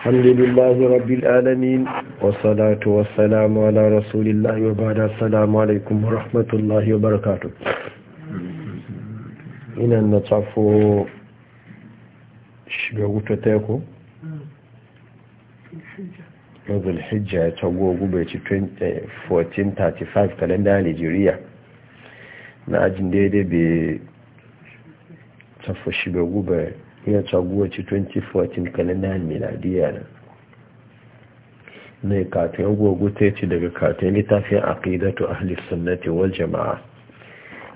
الحمد لله رب العالمين والصلاة والسلام على رسول الله وبعد السلام عليكم ورحمة الله وبركاته إن النطف شبه تتاكو ذو الحجة تقوى قبعة 1435 كالندا نيجيريا na ajin daidai bai tafashi bai gube ya caguwa ci 2014 kalendar miladiya na ne katon gogo ta ce daga katon littafin aqidatu ahli sunnati wal jama'a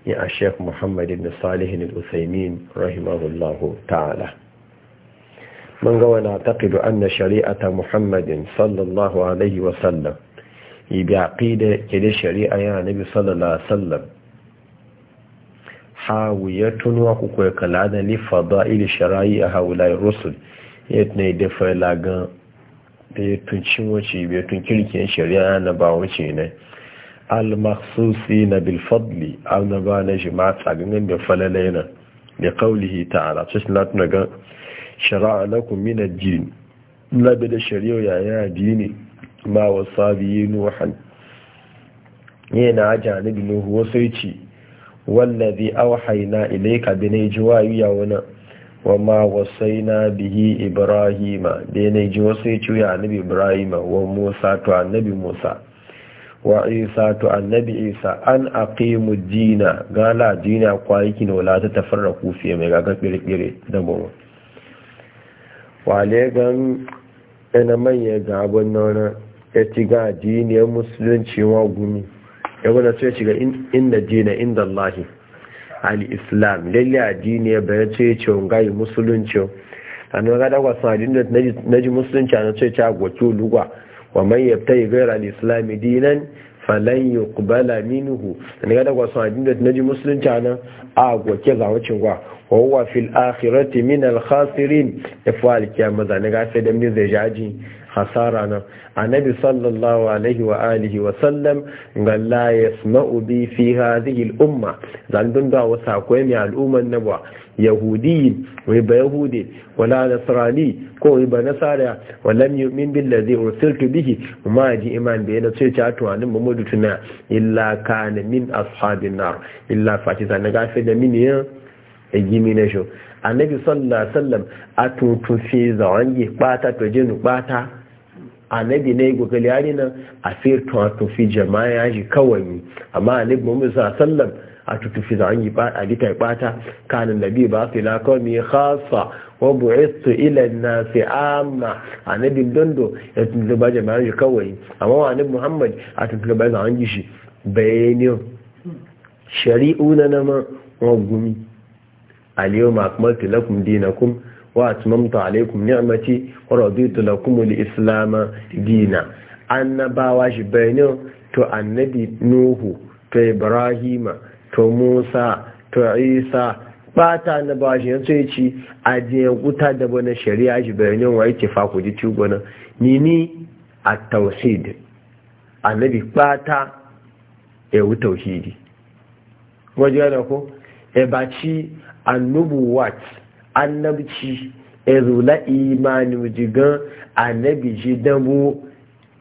ya a sheik muhammad ibn salihin al-usaimin rahimahullahu ta'ala من قوى نعتقد أن شريعة محمد صلى الله عليه وسلم بعقيدة كده شريعة يا نبي صلى الله عليه وسلم hawiyatun wa ku koyi kala da fada ili shara'i a hawulai rusul ya tunai da fayla da ya tunci wace bai tun kirkin shari'a na ba wace ne al-maksusi na bilfadli an na ba na jima'a tsaganin da falalai na da kaulihi ala? su suna tuna ga. shara'a na kumina jini bi da shari'a yaya jini ma wasa biyu nuhan yana ajiyar nuhu wasu ci wallazi awhayna ilayka bane juwayu ya wana wama wasaina bihi ibrahima bane ji wasu ya ciwo annabi ibrahima wa musa to annabi musa wa isa to annabi isa an aqimu dina gala dina kwayiki ne wala ta tafarraku fiye mai gagan kirkire da mu wale gan ina manya gabon nan ya ci ga ya musulunci wa gumi ya wani sai shiga inda dina inda Allah al-islam lalle addini ya bayan ce ce wanga yi musulunci an ga da sun addini na ji musulunci an ce ta gwato lugwa wa man yabtayi ghayra al-islam dinan falan yuqbala minhu an ga da sun addini na ji musulunci an a gwaki zawacin gwa wa huwa fil akhirati min al-khasirin ya fa al-kiyama zane ga sai da min zai jaji hasara nan annabi sallallahu alaihi wa alihi wa sallam ga la yasma'u bi fi hadhihi al-umma zan dun da wasa mi mai umma nabwa yahudi wa ba yahudi wala nasrani ko wai ba nasara lam yu'min ladhi ursiltu bihi ma ji iman da yana ce ta to anin muhammadu tuna illa kana min ashabin nar illa fati zan ga fi da min ya gimi na sho annabi sallallahu alaihi wasallam a fi zawangi bata to jinu bata anabi ne go yari nan a sai a tufi fi jama'a ji kawai amma annabi sa sallam a tutufi za an yi a lita ya bata kanin nabi ba su ila kawai khasa wa bu'istu ila nasi amma anabi dondo ya tutufi ba jama'a ji kawai amma wa annabi Muhammad a tutufi ba za a yi shi bayani shari'u na nama wa gumi aliyu yawma akmaltu lakum dinakum wa atmamtu alaikum ni'mati wa raditu lakum al-islam dina annabawa shi bayanin to annabi nuhu to ibrahima to musa to isa bata na ba shi yanzu ya ci a jiyan kuta da bane shari'a shi bayanin wa yake fa ku ji tubana ni ni a tauhid annabi bata e wu tauhidi wajen ko e ba ci annubuwat annabci ezula imani jigan annabi ji dambu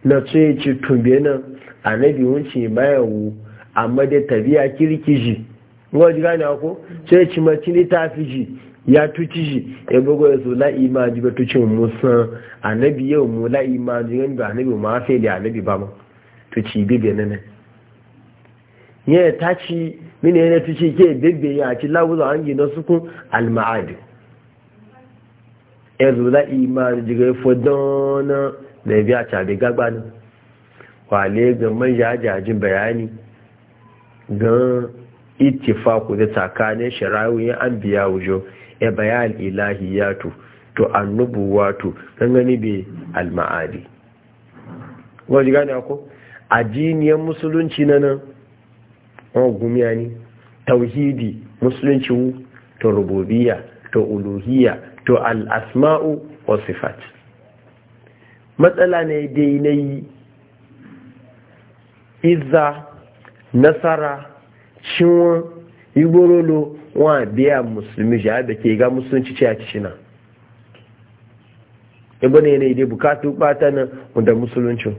na tsoye ci tumbe nan annabi wunci mayawu amma da tabiya kirki ji ngwa ji gane ko tsoye ci mace fi ji ya tuci ji ya e bugu ya zula imani ba tuci musan annabi yau mu la imani gani ba annabi ma fe da annabi ba ma tuci bibe nan ne ya taci mini yana tuci ke bebe ya ci lawuza an gina sukun al-ma'adin ẹzù láì máa jìgẹ̀ fọdánná lẹ́bí àtàbí gágbá ni wà lẹ́gbẹ̀ mẹ́yà àjàjì bayani gan ìtìfàkù da tsakanin sharawiyin an biya wujo e bayan ilahiyatu to annubuwatu gangani bai alma'adi musulunci na nan wọ́n ni tauhidi musulunci to rububiya to uluhiya to al'asma'u wa sifat matsala ne dai na yi izza nasara ciwon igorolo, wa biya musulmi shi da ke ga musulunci ce a na ibi ne ne dai bukatu ɓata na da musuluncin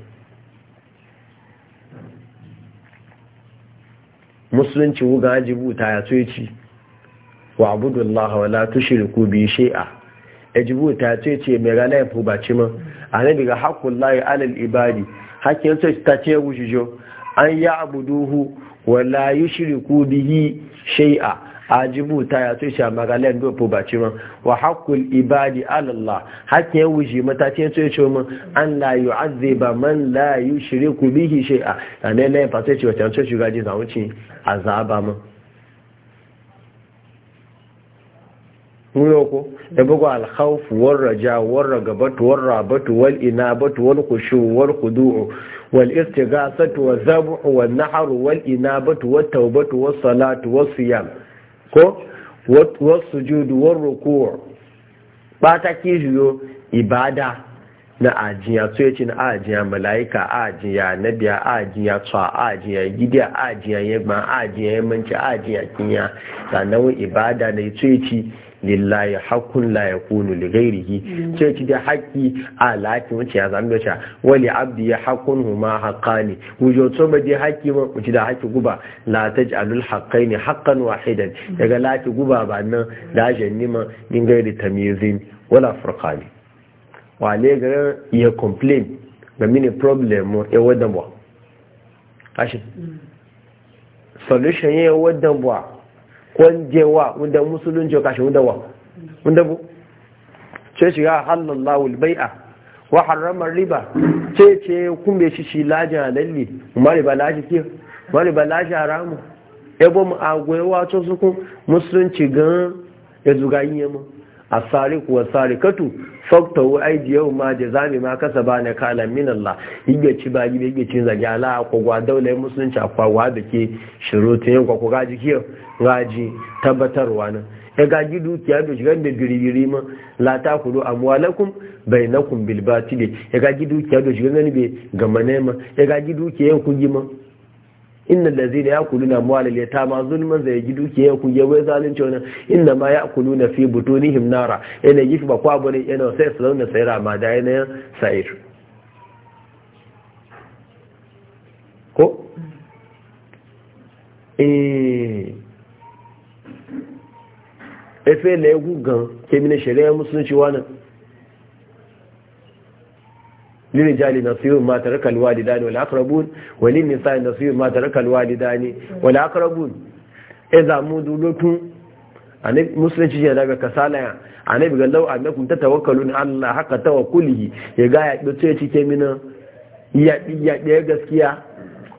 musulunci wuga ajibu ta ya ci wa abudu Allah wa la tushriku bi shay'a ejibu ta ce ce mai rana ya fubaci man annabi daga haƙƙun layi alal ibadi hakkin sai ta ce jo an ya abuduhu wala yushriku bihi a ajibu ta ya ce a magana ba fubaci man wa haƙƙul ibadi alallah hakkin wushi mata ce ce ce man an la yu'azziba man la yushriku bihi shay'a annabi ne fa sai ce wata ce shugaji zawuci azaba man nuno ko da bugu alkhawf war raja war ragabat war rabat wal inabat wal khushu war khudu' wal istighasatu wal zabh wal nahr wal inabat wat tawbat was salatu, was siyam ko was sujud war ruku' bata kijiyo ibada na ajiya to yace na ajiya malaika ajiya nabiya ajiya tsa ajiya gidiya ajiya yegba ajiya yemanci ajiya kinya sannan ibada ne yace yace lillahi hakkun la yakunu li ghairihi ce mm. ci da haƙƙi a lati wace ya zama dace wali abdi ya hakkun huma haqqani wujo to ba da haƙƙi ma ci da haƙƙi guba la taj'alul haqqaini haqqan wahidan mm. daga lati guba ba nan da ma min gairi tamyizin wala furqani ne ga ya complain ga mini problem ya wadan ba kashi mm. solution ya wadan ba kwanjewa wanda musulunci kashi wanda wa wanda bu ce shiga halallahu albai'a wa harramar riba ce ce kumbe shi shi lajin halalli mari ba laji ke mari ba haramu ebo mu agwaiwa to su kun musulunci gan ya zuga yin yamma asariku wa sarikatu aiji yau ma zami ma kasa na kalan min Allah yige ci ba gibe yige ci zage ala ko gwa daula musulunci akwa wa da ke shirutu yin ko ga ga ji tabbatarwa nan ya gaji dukiya da shigar da giriri ma la ta kudu amwalakum bainakum bil batili ya ki dukiya da shigar ne be gamanema. manema ya gidu dukiya yan kugi ma inna allazina yakuluna amwalal yatama zulman zai ji dukiya ku ya wai zalunci wannan inna ma yakuluna fi butunihim nara yana gifi ba kwabo ne yana sai su zauna sai rama da yana sa'ir ko eh efe gugan gan kemine shari'a musulunci wannan للرجال نصيب ما ترك الوالدان والأقربون وللنساء نصيب ما ترك الوالدان والأقربون إذا مدلتم أنا مسلم شيء هذا كسالة أنا بقول لو أنكم تتوكلون على الله حق توكله يجاي بتشي كمنا يا يا يا gaskiya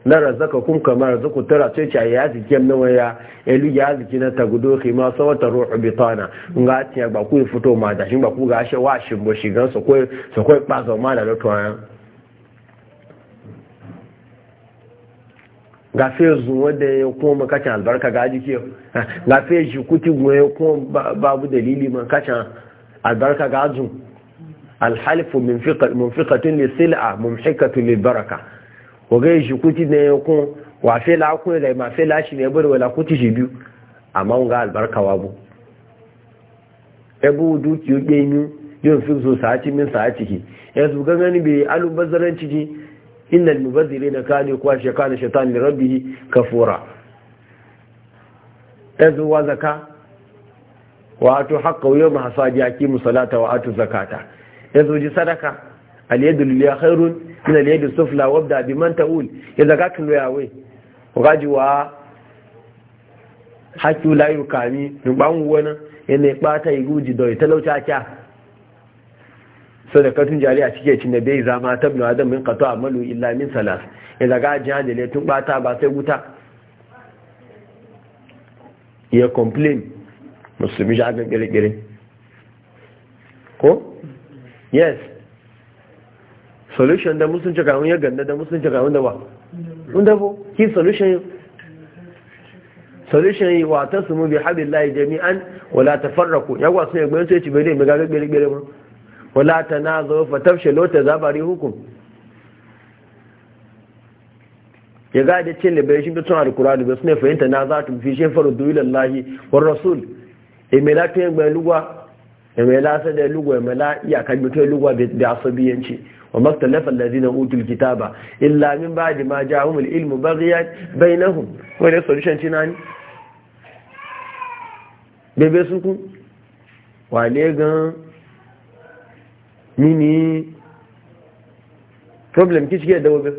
na razaka kun kamar razaku tara ce ce ya zike na waya elu ya zike na tagudo khima sawata wata ruhu bitana nga tiya ba ku fito ma da shin ba ku ga shi wa shin bo shi gan sokoi sokoi ba zo ma da lotu ga fe zuwa da ya ko makacin albarka ga jike ga fe shi kuti goye ko babu dalili makacin albarka ga zu alhalifu min fiqatin li sil'a mumhikatu li baraka waga shi kuti na yankun wa fela kun da ma fela shi ne bari wala kuti shi biyu amma ga wa bu ebu duki yuke ni yin fi so sa'ati min sa'ati ki yanzu gangani bai alubazzaran ciki inna almubazzirina kanu kuwa shaytanu shaytan li rabbih kafura yanzu wa zaka wa atu haqqa yawma hasadi yaqimu salata wa atu zakata yanzu ji sadaka aliyadu liya khairun min aliyadu sufla wabda bi man ta'ul ya zaga kan yawe gaji wa haki la yukami ban wona yana bata iguji da talauta kya sadakatun jariya cike cin da bai zama tabnu adam min qata amalu illa min salas ya zaga jihadile tun bata ba sai wuta ya complain musulmi ja ga gire ko yes solution da musun cika wani ya ganda da musun cika wani da ba wanda ko ki solution solution yi wa ta sumu bi lai jami'an wala farraku ya gwa sun yagbe sai ci bai dai magagar gbere gbere ba wala ta tanazu fa tafshalu lota zabari hukum ya ga da cin liberation bitun alkurani ba ne fahimta na za ta fi duwilan lahi wa rasul e yin lafiyan gbaluwa da mai lasa da lugwa mai la iyakar mutum lugu da asabiyanci wa maktalafa allazina utul kitaba illa min ba'di ma ja'ahum al-ilmu baghiyan bainahum wa da solution na ni bebe suku ku wale gan mini problem ki cike da wabe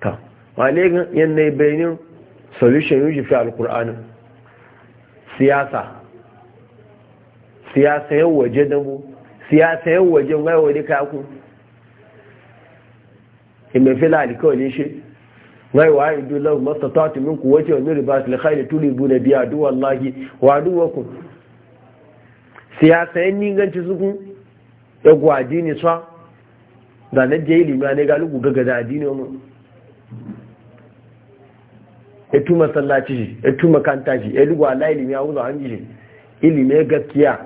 ta wale gan yanne bainin solution yuji fi al-qur'anin siyasa siyasa yau waje da mu siyasa yau waje wai wani kaku imefila alikawalin shi wai wa aidu masu mastata'tu min quwwati wa min ribatil khayl tulibuna biya duwa wallahi wa ku siyasa yan ninganci suku ya gwaji ne sa da na je ilimi ne ga lugu gaga da addini mu ya tuma masallaci shi ya tu makanta shi ya lugwa ala ilimi ya wuzo hanji shi ilimi ya gaskiya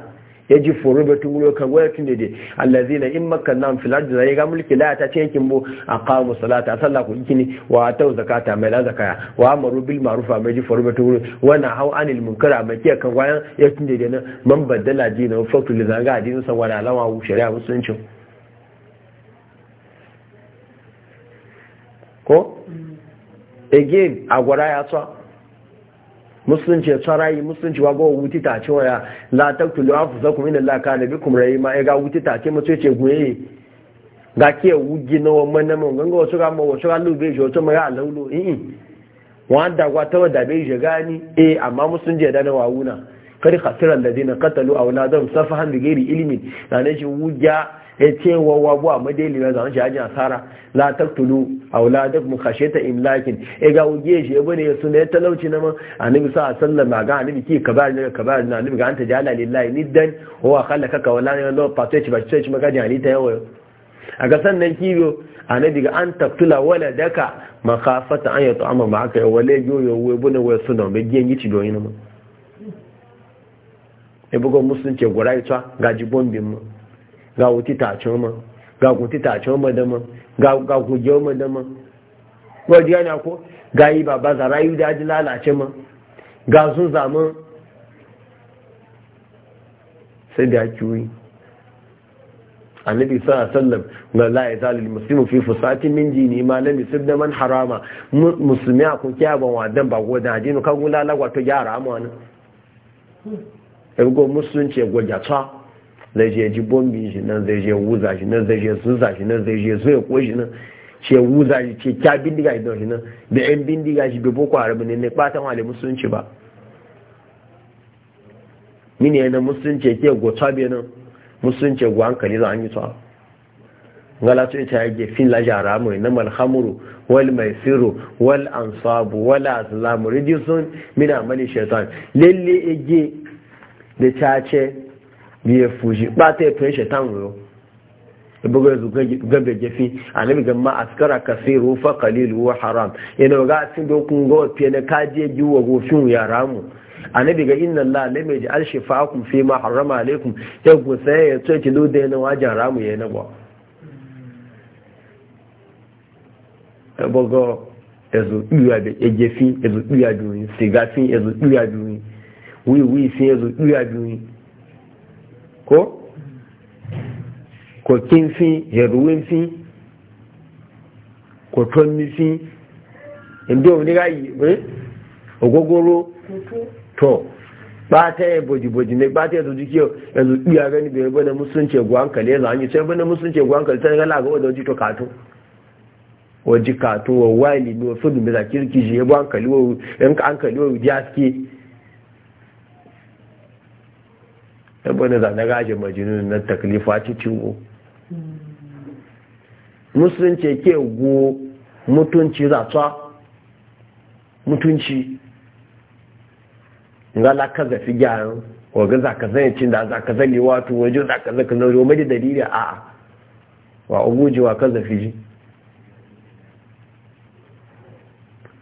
ya ji foro bai tun gudu kan wayar tun daidai allazi na in makar nan filar da ya ga mulki laya ta ce yankin bu a kawo musalata sallah ku ikini wa ta zakata mai la zakaya wa amaru bil marufa mai ji foro bai tun gudu wani hau ilimin munkara mai kiyar kan wayan ya tun daidai na man baddala ji na fokin da zanga a dinsa wani alama shari'a musulunci ko again agwara ya tsa musulunci ya tsara yi musulunci wa gowa wuti ta ce waya la taktulu anfusakum laka allaha bikin bikum ma ya e ga wuti ta ce mace ce guye ga ke wugi na mana namun ganga wasu ga mu wasu ga lube shi wasu mara alaulo in wani dagwa ta wada bai shi gani eh amma musulunci ya dana wawuna kar khasiran ladina qatalu awladahum safahan gari ilimin. na ne shi wuja ya ce wa wabu a madeli ya zama shi ajiyar asara la taktulu duk mu kashe ta imlakin ya e ga wuge shi e ya bane suna ya talauci na man annabi sa a ma ga annabi ki kabar ka kabar na annabi ga anta jala lillahi dan wa kalla ka wala ne lo pato ci ba ci ci magaji ali ta yawo a ga sannan kiyo annabi ga an taktula wala daka makafata an yi amma ma aka wala yoyo wa bune we suna be yi ci doyin mu e bugo musun ce gura ita gaji bombin mu ga wuti tacen ma ga kuti tacen ma dama ga kujiyar ma dama wadda yana ko ga yi baba za yi da ji lalace ma ga sun zama sai da kiwi annabi sallallahu alaihi wasallam la la musulmi muslimu fi fusati min dini ma na misir da man harama musulmi a kun kiya ban wadan ba go da dinu kan lagwato wato ya wani ne ego musulunci go jatsa zai je ji bombi shi nan zai je wuza shi nan zai je zuza shi nan zai je zuwa ko shi nan ce wuza shi ce kya bindiga shi shi nan da yan bindiga shi bai boko haramu ne ne batan wale musulunci ba mini yana musulunci ke gota bai nan musulunci go hankali za an yi tsawa Galatu to ita yake fin la ramu na malhamuru wal mai maisiru wal ansabu wal azlamu rijisun min amali shaitan lalle ege da ce bí efuji bata ya tun shaitan wuro bugar gabe jafi annabi ga ma askara kasiru haram yana ga sun dokun go fiye na kaje giwa go fin ya ramu na ga inna na lam yaj'al fi ma haram alaykum ya gusa ya ce ki do da yana wajen ramu yana ba ebogo ko kokin fi heroin fi kotomi inda wani eh ogogoro to ba ta yi boji ne ba ta yi zuji kiyo yanzu iya gani bai bane musulunci gwankali yanzu an sai bane musulunci gwankali sai gala ga wadda wajen to kato wajen kato wa wali ne wa fudu mai zakirki shi ya gwankali wa yanka an kali wa ɗabbanin zane gashi majinun na taklifa ciwo? musulunci ke go mutunci zatsa mutunci nga la kaza fi gyaran waga za ka zai cin da za ka zai wato wajen za ka zai ka mai dalili a wa uguji wa kaza fi ji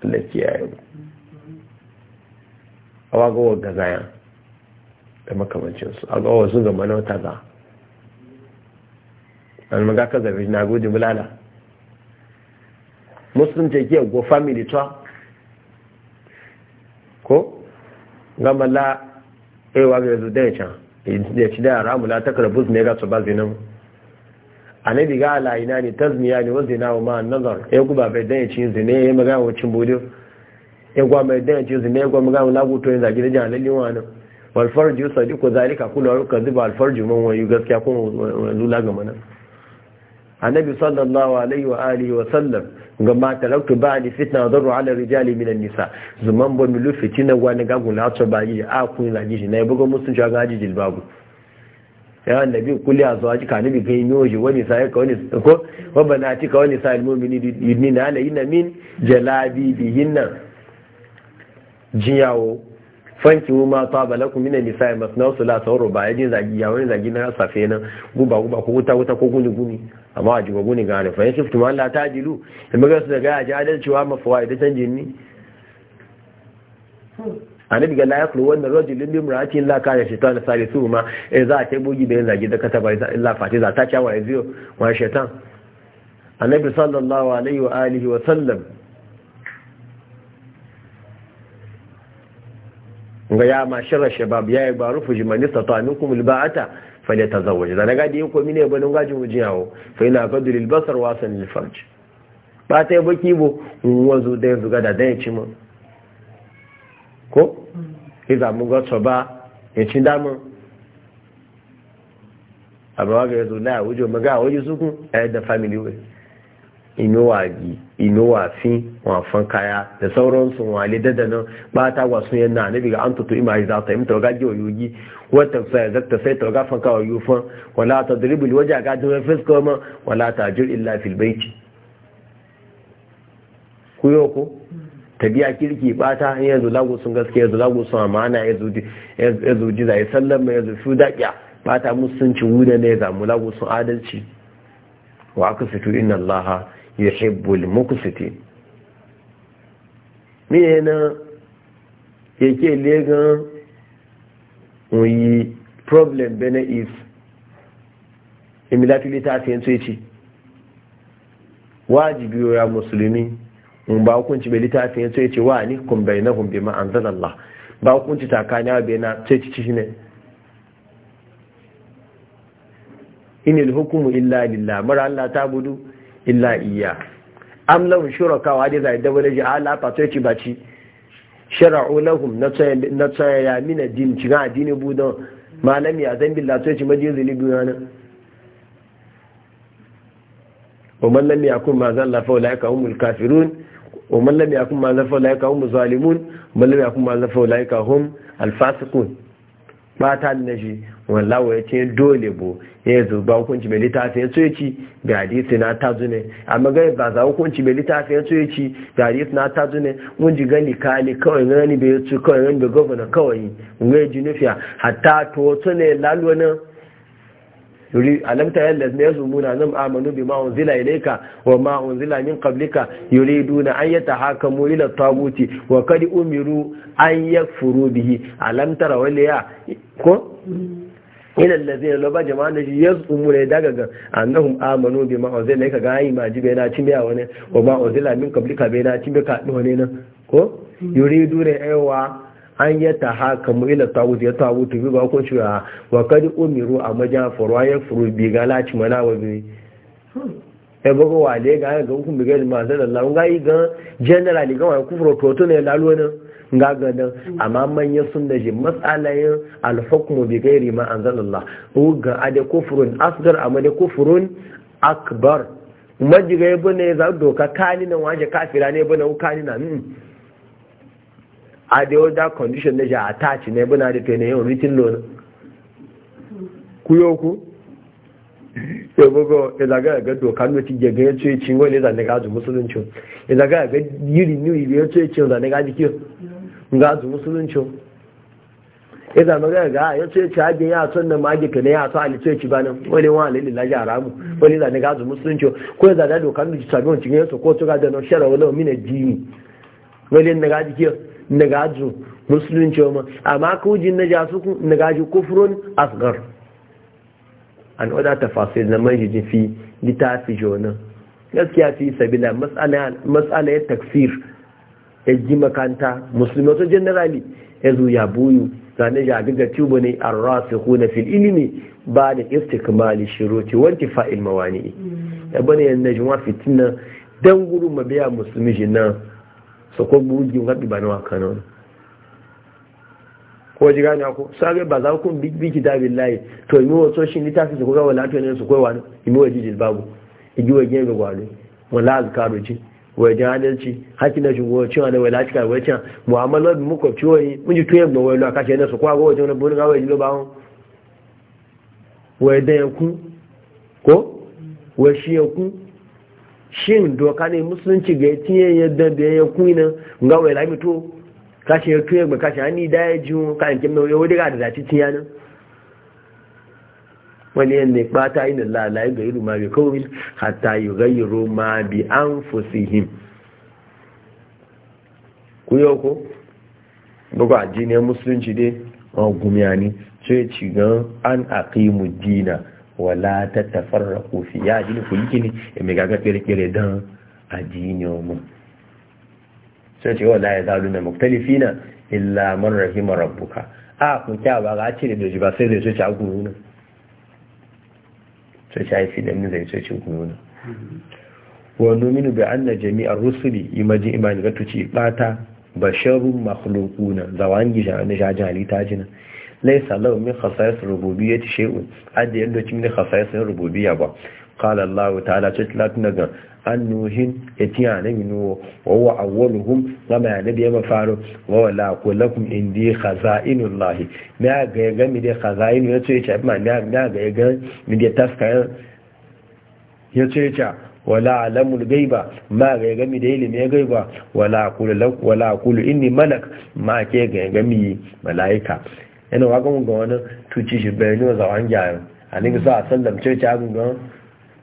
lafiya yau a awa ga waga zayan da makamancinsu a ga wasu ga manauta ba an maga ka zafi na gode bulala muslim ce ke go family tuwa ko gama la ewa eh, ga yanzu da can ya ci da yara mula ta karbus ne ga su ba zinan a annabi ga ala ina ne ta tazmiya ne wanda na ma nazar ya guba bai dan ya ci zine ya maga wacin bodo ya guba bai dan ya ci zine ya guba maga wala lagutoyin zagi da jihar lalliwa wani والفرج يصدق ذلك كله يكذب الفرج من ga يكون لولا غمنا النبي صلى الله عليه واله وسلم gama talautu ba ni fitna zarru ala rijali minan nisa zuman bo mi lufi tina wani gagun na to ba yi a kun la gishi na bugo musun ja gaji jilbabu ya annabi kulli azwaji ka nabi kai yoji wani sai ka wani ko wa banati ka wani sai mu'mini yidni na min jalabi bihinna jiyawo fanki mu ma ta balakum min nisa'i masna sula ta ruba yaji zagi ya wani zagi na safe nan guba guba ko wuta wuta ko guni guni amma a jiba guni gane fa yasif tuma Allah ta jilu in maga su daga aji adalci wa mafawa da canji ni annabi ga layak lo wannan rajul lim imra'atin la kana shaytan salisu ma e za ta bugi da zagi da kata bai Allah fati za ta ciyawa yaziyo wa shaytan annabi sallallahu alaihi wa alihi wa sallam ga ya ma shirar shabab ya yi ba rufu jimani sata min kuma liba'ata fale ta zawaje da na gadi yin komi ne ba nun gajin wujin yawo fai na gadu lilbasar wasan lilfarji ba ta yi baki bo wanzu da yanzu gada da ya ci ma ko iza mun gasa ba ya ci damar abawa ga yanzu na wujo maga a waje sukun a yadda family way Inuwa inowafin wafan kaya da sauransu wale da nan ba ta wasu yana na biga an tutu ima za ta yi mata ga giwa yogi wata sai zakta sai ta ga fanka wa yufan wala ta dribul waje ga wani fiska ma wala ta jir illa fil baiti ku yo ko tabiya kirki ta in yanzu lagu sun gaske yanzu lagu sun amana yanzu yanzu jiza ya mai yanzu su daƙiya ta musunci wuda ne zamu lagu sun adalci wa aka fito inna allaha yuhibbul muqsitin mi yana yake legan oyi problem bene if imilati ta ta yanzu yace wajibi ya musulmi in ba hukunci bai lita ta yanzu yace wa ni kun bainahum bima anzalallah ba hukunci takana bai na ce ci ne inil hukumu illa lillah mara Allah ta budu illa iya am lahum shuraka wa da zai dabale ji ala fa to ci baci shara'u lahum na tsaya na tsaya ya min addini ci ga addini budan malami a zan billahi to ci maji zulubi yana wa man lam yakun ma zalla fa ulaika humul kafirun wa man lam yakun ma zan fa ulaika humuz zalimun wa man lam yakun ma zan fa ulaika hum al fasiqun mata na shi wallawa ya ce dole bu ya yi zuba hukunci mai littafi ya tsoye ci ga hadisi na ta zune amma gani ba za hukunci mai littafi ya tsoye ci ga hadisi na ta zune mun ji gani kali kawai gani bai ya tsu kawai gani bai gwabana kawai ngai ji nufiya hatta to wasu ne laluwa nan yuri ta yalla ne yasu muna nan amanu bima unzila ilayka wa ma unzila min qablika yuriduna an yatahakamu ila taguti wa kad umiru an yakfuru bihi tara rawliya ko ila allazina law ba jama'an da yazumu ne daga ga annahum amanu bima unzila ilayka ga yi maji bai na cimbiya wani wa ma unzila min qablika bai na cimbika wani nan ko yuriduna aywa an yi ta haka mu ila tawut ya tawut bi ba ko ba, wa kadi umiru a maja furwa ya furu bi ci mana wa bi e ba ko wale ga ga hukun bi ga ma sallallahu ngai ga generally ga wa kufro to to ne lalu ne nga ga dan amma manyan sun da ji masalayin al-hukmu bi ghairi ma anzalallah u ga ade kufrun asgar amma ne kufrun akbar majiga bane za doka kanina waje kafira ne bane u kanina. Hmm. a da yau condition na shi attach taci ebe buna da fene yau rikin lona ku yau ku ya bugo ya zaga ga dokan da tige ga yace ci wani zanne ga azu musulunci ya zaga ga yiri ni yiri yace ci zanne ga ga azu ya zama ga ga ya son nan mage ya so alice ci banan wani wa alil la jaramu wani zanne ko ya zaga dokan da Nagaju ajin musulunci a amma na jasuku daga ajin kufurun asgar an wada tafasir na majijin fi littafi jona gaskiya fi sabila matsala ya takfir ya ji makanta musulmi wasu generali ya zo ya buyu zane ya tubu ne an rasu fil ilimi ba da istikmali shiroti wanti fa'il mawani ya bane yan najwa fitina dan guru mabiya musulmi jinan so ko buji ngabi banwa kanon ko ji gani ako sabe ba za ku bi bi layi. to mi wo so shin litafi ko ga wala to ne su koyi wani mi wo jijil babu igi wo gebe gwalo wala karo ji wa jahilci haki na shugo cewa da wala cika wacin mu'amalar mu ko ciwo yi mun ji tuye gbo wai lo kashe na su kwa go wajen wani burin gawa jilo bawo wai dan yanku ko wai shi yanku shin doka ne musulunci ga tinye yadda da ya kuna ga wai lami to kashi ya tuye ba kashi hani da ya ji ka an na yau daga da zaci tiya nan wani yan ne bata inda la la ga iru ma bi hata yi yughayyiru ma bi anfusihim ku yau ko bugu addinin musulunci dai gumiya ne sai ci gan an aqimu dina wala ta tafarra kofi ya ji ku yi kini ya mai gaga kere-kere don ajini omu sai ce wala ya zalu na muktalifi na illa mun rahima rabbuka a kun kya ba ga cire da ji ba sai zai soce a kunu na soce a yi fi ɗan zai soce kunu na minu bai bi anna jami'ar rusuli imajin imani ga tuci bata basharun makhluquna zawangi jana jajan halitta laisa lahu min khasa'is rububiyyati shay'un adda yadda cikin khasa'is rububiyya ba qala Allah ta'ala ce tilatun daga annuhin yatiya na minuwa wa huwa awwaluhum gama ya nabi ma faru wa wala kullakum indi khaza'inullahi me ga ga mi khaza'in ya ce yace ma ne ga ga ga mi da taska ce yace wala alamul gaiba ma ga gami da ilimin gaiba wala aqulu lak wala aqulu inni malak ma ke ga gami malaika yana wagon ga wani tuci shi bayani wa zawon gyaran a nufi sa a sallam ce ta ga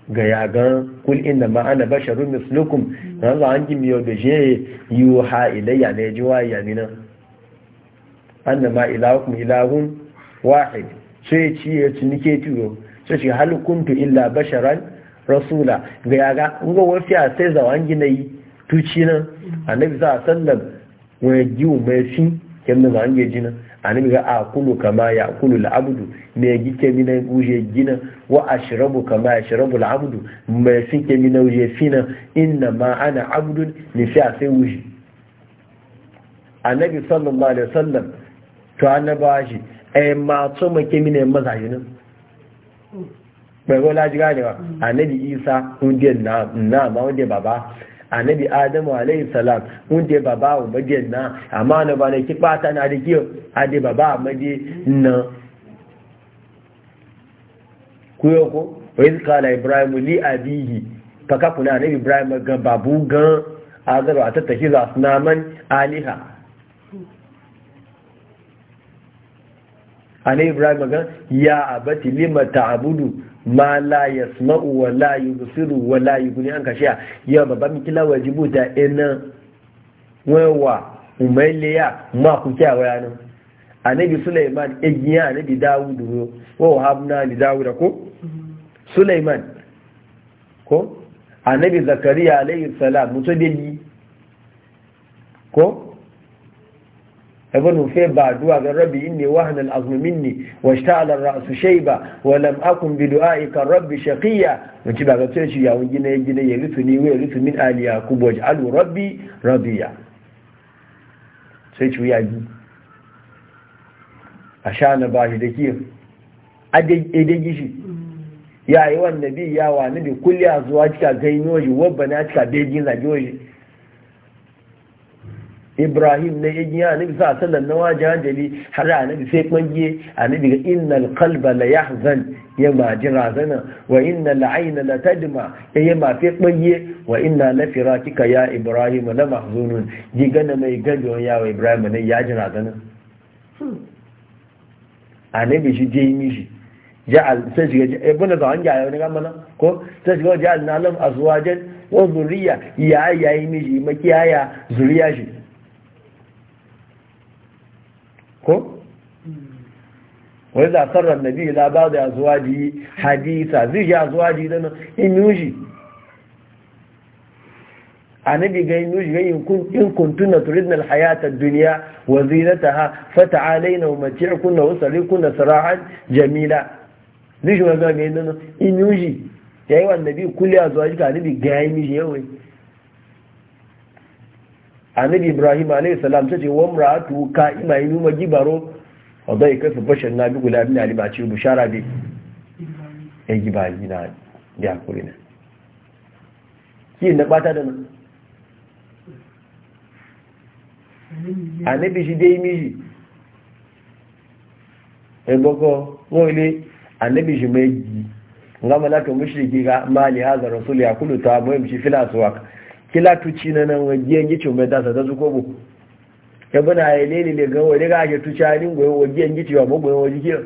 ga yagan kul inda ma ana basharun mislukum na zawon gimiyo da shi yi wa ha ilayya na yaji wa yami nan an da ma ilahukum ilahun wahid sai ci ya ci nike tuyo sai shi halukuntu illa basharan rasula ga yaga in ga wasu a sai zawon gina yi tuci nan a nufi sa a sallam wani giu mai fi kyan da zawon gina annabi ga akulu ah, kama ya akulu al'abdu me gike mina uje gina wa ashrabu kama ya shrabu al'abdu me sike mina uje fina inna ma ana abdun ni sha sai uje annabi sallallahu alaihi wasallam to annaba shi e ma to make mina mazajinin ba go laji mm. ganewa annabi isa hunde na na ma hunde baba annabi adamu alayhi salam mun je baba wa maje na amma na ba ne ki bata na da kiyo ade baba maje na kuyo ko wa iz qala ibrahim li abihi kaka kuna annabi ibrahim ga babu gan azaru atattahi za su naman aliha annabi ibrahim ga ya abati lima ta'budu ma la yasma'u wa la yubsiru wa la yughni an kashiya ya baba mi kila wajibu da ina wewa umeliya ma ku kya wayana annabi sulaiman egiya annabi dawud wa habna li dawud ko sulaiman ko annabi zakariya alayhi salam mutadeli ko ابن بعد دعاء ربي إني وهن العظم مني واشتعل الرأس شيبا ولم أكن بدعائك الرب شقيا وتبا قتلت يا وجنا يجنا يرثني ويرث من آل يعقوب واجعله ربي رضيا سيتو ياجي عشان باهي دكيف أدي شي يا أيها النبي يا وانبي كل أزواجك غينوجي وبناتك بيجين زجوجي ibrahim na yin ya nabi sa sallan na waje hajjali har a nabi sai kwangiye a nabi ga inna qalba la zan ya ma ji razana wa la aina la tadma ya yi ma fi kwangiye wa inna la firatika ya ibrahim na mahzunun ji gana mai gado ya wa ibrahim ne ya ji razana a nabi shi je mi shi ja'al sai shiga ibn da an ga ya ne ga ko sai shiga ja'al na lam azwajan wa zuriya ya yayi mishi makiyaya zuriya shi ko wai za sarrar za ila ba da zuwa ji hadisa zai ya zuwa ji da in yuji annabi ga yin yuji ga in kuntuna turidnal hayata dunya wa umarci fata'alaina wa mati'kunna wa kuna sarahan jamila zai shi wa ga ne in ya yi wa nabi zuwa ji ka annabi ga yi yuji yawai annabi ibrahim alayhi salam tace wa imra'atu ka'ima yinu magibaro wadda ya kasu fashin na bi gula bin alima ce bushara bi ya giba na da hakuri na ki na bata da nan annabi shi dai miji eboko wole annabi shi mai gi nga malaka mushriki ga mali hadha rasul yakulu ta mu yamshi fil aswaq kila tuci na nan wajiyan gicin mai dasa ta zuko bu ya bana ya lele le ga wani ga ake tuci hannun goyi wajiyan gici wa ba wajen waji kiyar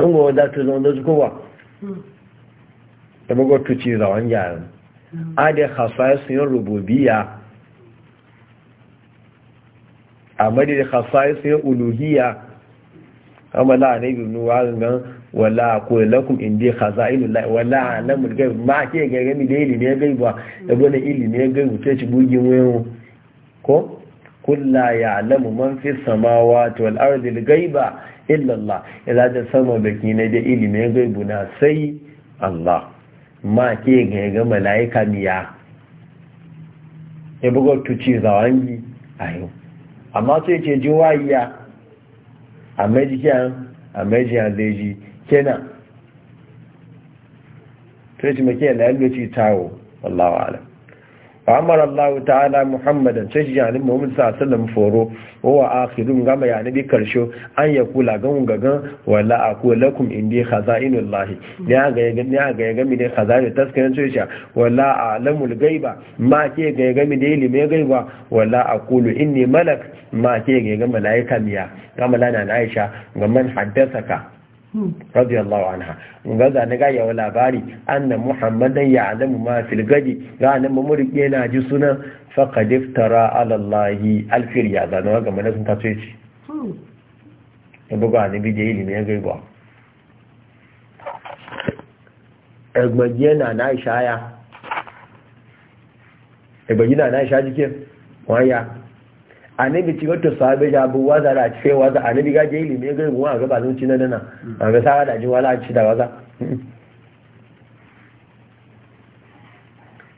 an gowa da ta zama da zuko ba ta bago tuci zawon yaran adai hasayar sun yi rububiya a madadin hasayar sun yi uluhiya amma na ne bi nuwa zan wala aqulu lakum indi khazainullahi wala alamul ghaib ma ke ga gami da ilimi ya ba da bane ilimi ya gaibu ta ci bugin wayo ko kulla ya'lamu man fi samawati wal ardi gaiba ghaiba illa Allah ila da sama da ne da ilimi ya gaibu na sai Allah ma ke ga ga malaika miya ya bugo tuci zawangi ayo amma sai ce jiwaiya a majiyan a majiyan leji kenan sai ci makiyar yadda yallo ci tawo wallahu alam wa amara Allah ta'ala Muhammadan sai shi janin Muhammad sallallahu foro wa a akhirun gama ya bi karsho an ya kula gan gagan wala aku lakum indi khazainullahi ne inu ga ya ga ga mi ne khazainu taskirin sai wala alamul gaiba ma ke ga ga mi ne ilimi gaiba wala kulu inni malak ma ke ga ga malaika miya lana na Aisha gaman haddasa ka. radiyallahu anha gaza na gaya wa labari anna muhammadan ya alamu ma fil gadi ga nan mamurike na ji sunan faqad iftara ala allahi alfir ya ga mana sun taso yace ya buga ilimi ya gaiba egbagiye na na annabi ci wata sahabe ya abu waza da ce waza annabi ga jeli me ga mu ga bazun ci nan nan a ga sa da ji wala ci da waza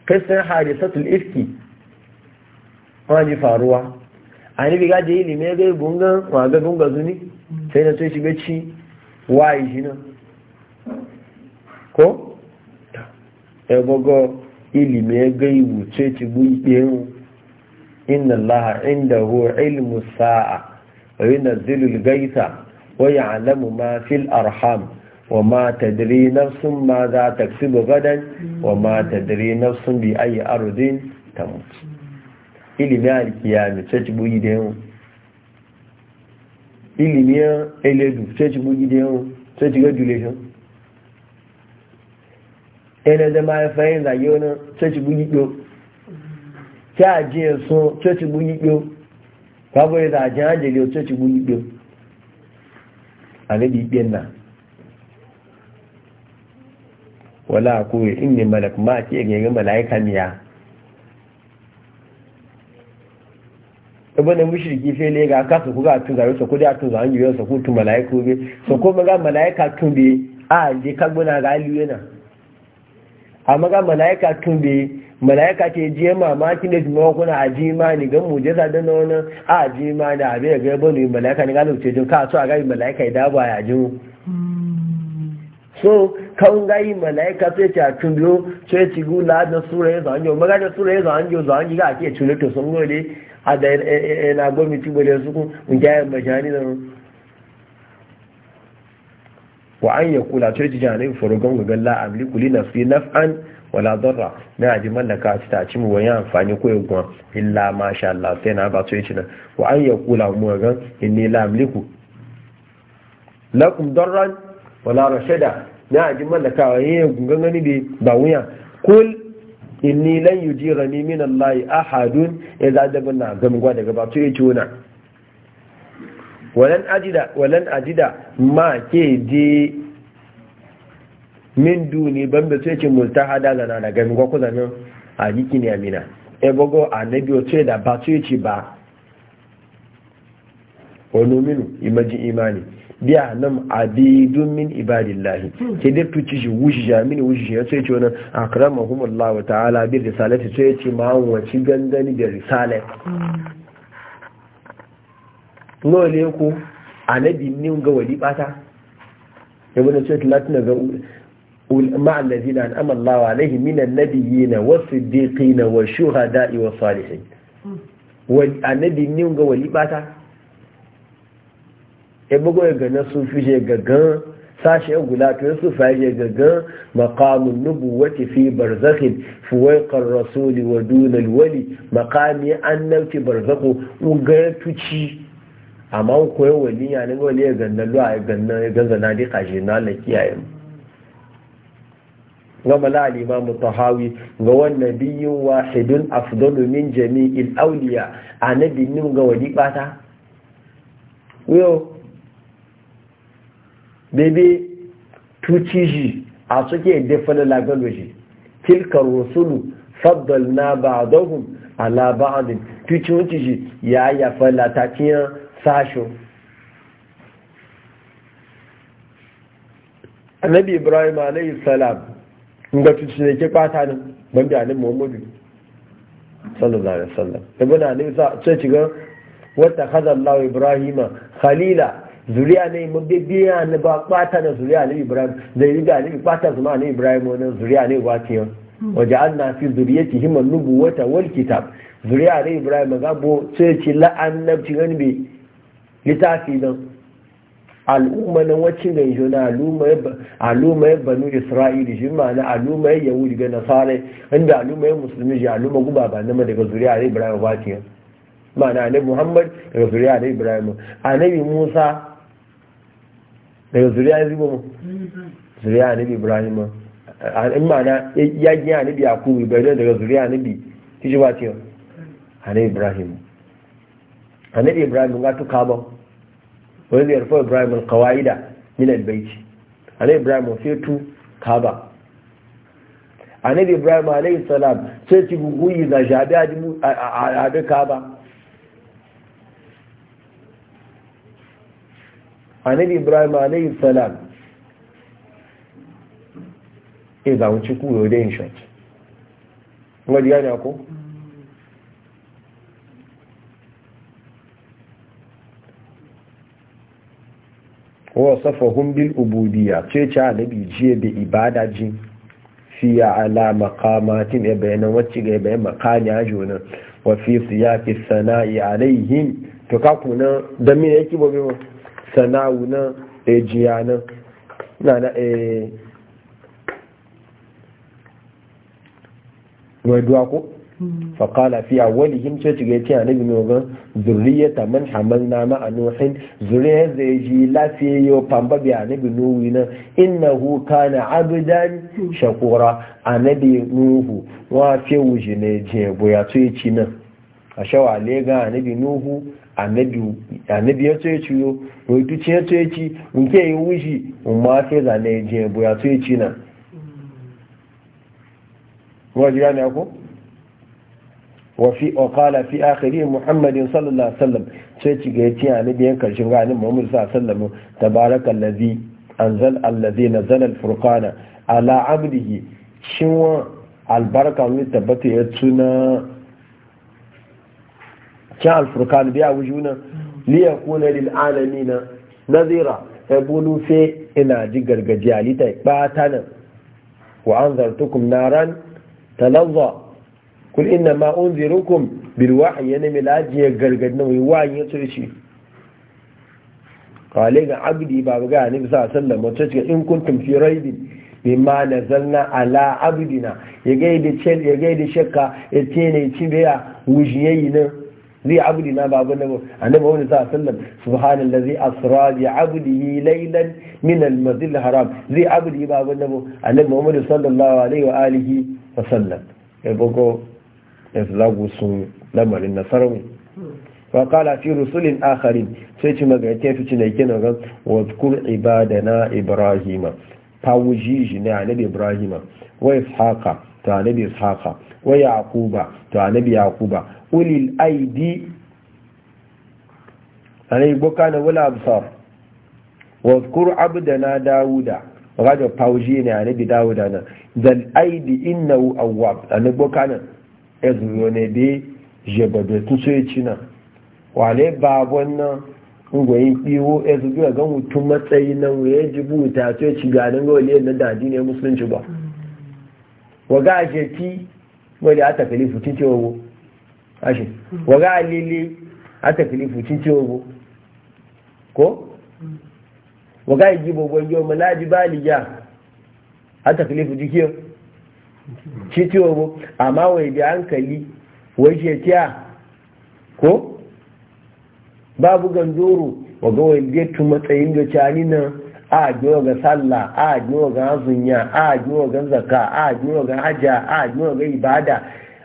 kasan hadisatul ifki wani faruwa annabi ga jeli me ga gunga wa ga gunga zuni sai na sai shi wai ci shi nan ko ebogo ilimi ga iwu tse ci gbu ikpe ehun inna allaha indahu ilmu sa'a wa yunzilu al-ghaytha wa ya'lamu ma fil arham wa ma tadri nafsun ma za taksubu gadan wa ma tadri nafsun bi ayi ardin tamut ilimi al-qiyam sai bu gidan ilimi eledu sai bu gidan sai ga dulejo ene da mai fa'in da yona sai bu gidan tí a jí ẹ̀sùn tí ó ti bú yí pé ó pàbọ̀ ìdá àjẹ́ àjẹ́lẹ̀ tí ó ti bú yí pé ó àníbi ìgbé malaika wọ́n ìní a ẹgbọ́n na mùsùlùmí fẹ́ lé ga ká sọ̀kú ká tún gàrí sọ̀kú dé àtúnzọ̀ àwọn malaika amma ga malaika tun bi malaika ke je mamaki da kuma kuna aji ma ni ga mujiza da na wani aji ma da abe ga ba ni malaika ni ga lokaci jin ka so a ga malaika da ba ya jin so kan ga yi malaika sai ta tun biyo sai ci gula da sura ya zanjo maga da sura ya zanjo zanji ga ke cule to sun gole a da eh, eh, eh, na gomi ci bole su ku mun ga majani da wa an ya kula ta yi ne furugan gugan la kuli na fi naf'an wala darra na aji mallaka ta ci mu wani amfani ko yaguwa illa ma sha Allah sai na ba to yace na wa an ya kula mu ga inni la amliku lakum darran wala rashada na aji mallaka wani yaguwa gani bi ba wuya kul inni lan yujirani min Allah ahadun idza dabna gamgwa daga ba to yace wannan walan ajida walan ajida ma ke je min duni ban da sai ce multahada zana da gami ko kuzanin a jiki ne amina e bogo annabi da ba ce ce ba wani minu imaji imani biya nan abidun min ibadillahi ke da tuci shi wushi jami ne wushi ce wani akramahumullahu ta'ala bi risalati sai ce ma wace gangani da risalati mm. lọ́lẹ́ kó anẹ́bí ní ń gọ́wà ní pátá ẹgbẹ́ ṣẹ́tì láti na ga ma'alazi na al'amallawa alaihi minan nabi yi na wasu dekai na wa shuha da'i wa salihin anẹ́bí ní ń gọ́wà ní pátá ẹgbẹ́ gọ́wà ga na sun fi ṣe gaggan sashen gula ta yasu fayyar gaggan makamun nubu wata fi barzakhin fuwaikar rasuli wa dunal wali makami annabci barzakho ugayen tuci amma koyon ya ne wani ya ganna lu'a ya ganna ya ganza na dika shi na Allah kiyaye mu gama mala al-imam tahawi ga wannan biyun wahidun afdalu min jami'il awliya annabi nim ga wali bata yo bebe tuciji a suke defana lagaloji tilka rusulu faddalna ba'dahum ala ba'd tuciji ya ya fala ta kiyan sasho annabi ibrahim alayhi salam ga cikin ne ke kwata ne ban bi annabi muhammadu sallallahu alaihi wasallam ibn annabi sa ce ci ga wata khadallahu ibrahima khalila zuriya ne mun bi biya ne ba kwata na zuriya ne ibrahim da yi ga ne kwata zuma ne ibrahim wannan zuriya ne wakiyan waja'alna fi zuriyatihim an-nubuwata wal kitab zuriya ne ibrahim ga bo ce ci la'annabci ganin littafi don al'umma na wacin ganjo na al'ummar banu isra'ili shi ma na al'ummar yahudi ga nasarai inda al'ummar musulmi shi al'ummar guba ba nama daga zuriya da ibrahim fatiya ma na anabi muhammad daga zuriya da ibrahim anabi musa daga zuriya ya zuba mu zuriya anabi ibrahim in ma na yakin anabi yakubu ibrahim daga zuriya anabi kishi fatiya anabi ibrahim annabi ibrahim ga tuka ba wani yarfa ibrahim alqawaida min albayti annabi ibrahim sai tu kaba annabi ibrahim alayhi salam sai ci guguyi da jabi a da kaba annabi ibrahim alayhi salam e eh, da ci ku yau in yin shot wani gani ko? wasafahum bil ubudiyya ce ce annabi jiya da ibada ji fiya ala maqamatin e na wacce ga bayan makani ajona wa fi siyaqi sana'i alaihin to ka kuna da me yake bobe na e na na e duwa ko faƙala fi a wani himce ci ga yace annabi ne ga zurriyata man hamalna ma a nuhin zuriyar da ya ji lafiya yau famba bi annabi nuhu na innahu kana abidan shakura annabi nuhu wa fi wuji ne je boya to ya ci nan a shawa lega annabi nuhu annabi ya to ya ciyo wai tuci ya to ya ci nke yi wuji umma fi zane je boya to ya ci nan. Wajen ya ne ako? wafi okala fi akhirin muhammadin sallallahu alaihi wasallam sai ci ga yace ani biyan karshen ganin muhammad sallallahu alaihi wasallam tabarakallazi anzal allazi nazala alfurqana ala abdihi shinwa albarka ne tabbata ya tuna kan alfurqan biya wujuna li yakuna lil alamin nazira fabulu fe ina ji gargajiya litai bata nan wa anzartukum naran talazza kul inna ma unzirukum bil wahyi yana mai lajiya gargadi na wani ya tsoro shi kawale ga abdi ba ga ni bisa sallan mutum ce in kuntum fi raibin mimma nazalna ala abdina ya ga da cel ya ga da shakka ya ce ne ci biya wujiyayi nan zai abdina ba ba nabu annabi wani sa sallan subhanallazi asra bi abdihi laylan min al-masjid haram zai abdi ba ba nabu annabi muhammad sallallahu alaihi wa alihi wa sallam ya bugo da su sun lamarin nasarau wa kala fi rusulin akharin sai ci magarke su ci na gina gan wa ibada na ibrahima fawujiji na anabi ibrahima wa ishaqa ta anabi ishaqa wa yakuba ta anabi yakuba ulil aidi anai boka na wala absar wa kur abdana dauda Dawuda, ga fawuji ne anabi Dawuda na zal aidi wu awwab na boka na ẹ̀dùn yóò ní bí jẹ̀bẹ̀bẹ̀ tún sọ èkì ba abọ́ náà ngwayin ɓiwo ya su biya gan mutum matsayi na wuya ji buta to ci ganin ga waliyar na dadi ne musulunci ba waga a sheki wali ata kalifu cin owo wago ashe waga a lele ata kalifu cin ce wago ko waga a jibo gwanjo malaji baliya ata kalifu jikiyar citiyo amma wai da hankali wai shekiya ko babu gandoro waga wai betu matsayin da cani nan a jiwa ga salla a jiwa ga azunya a jiwa ga zaka a jiwa ga hajja a jiwa ga ibada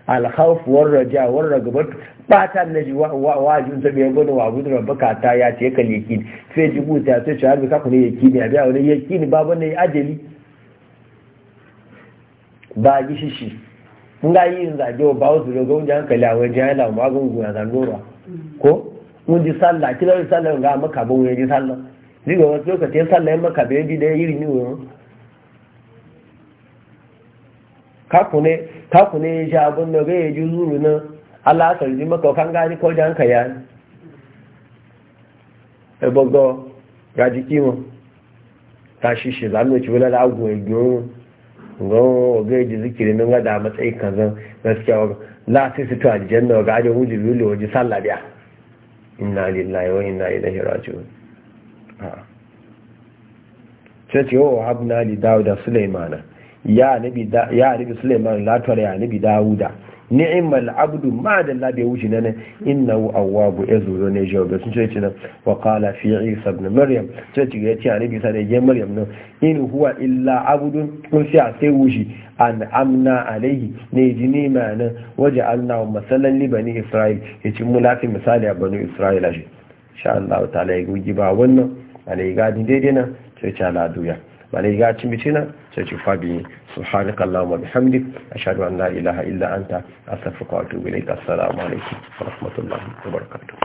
alkhawf war raja war ragabat bata na ji wajin sabi ya gona wabu da rabaka ta ya ce ka lekin sai jibuta sai shi har ka kuma yakini a biya wani yakini babu ne ajali ba gishishi in ga yi zage wa ba wasu daga wajen hankali a wajen yana magunguna zangora ko mun ji sallah kila yi sallah nga maka bin wani ji sallah zai ga wasu lokacin sallah ya maka bai ji da iri ni wani kakune kakune ya sha abin da gai ya ji zuru na allah sarji maka kan gani ko jan ka ya ebogo ga jiki mu ta shi shi zanuci wani da agu ya gyo ga gaji zikiri nun gada matsayi kazan gaskiya la sai su to aljanna ga ajin hujji lulu waje sallah biya ina lillahi wa inna ilaihi raji'un ce ce oh, wa na li dawuda sulaimana ya nabi ya latuwar ya nabi dawuda ni'mal abdu ma da Allah bai wuce nan innahu awwabu yazo ne jawab sun ce nan wa qala fi isa ibn maryam ce ce ya ce ani bisa da ya maryam nan in huwa illa abdu kun sai sai wuce an amna alaihi ne jini ma nan waje Allah masallan li bani isra'il ya ci mulafi misali a bani isra'ila shi insha Allah ta'ala ya gugi ba wannan alai gadi daidai nan ce ce ala duya malai gacin bicina sai ci fabi subhanaka allahumma bihamdik ashhadu an la ilaha illa anta astaghfiruka wa atubu ilayk assalamu alaikum wa rahmatullahi wa barakatuh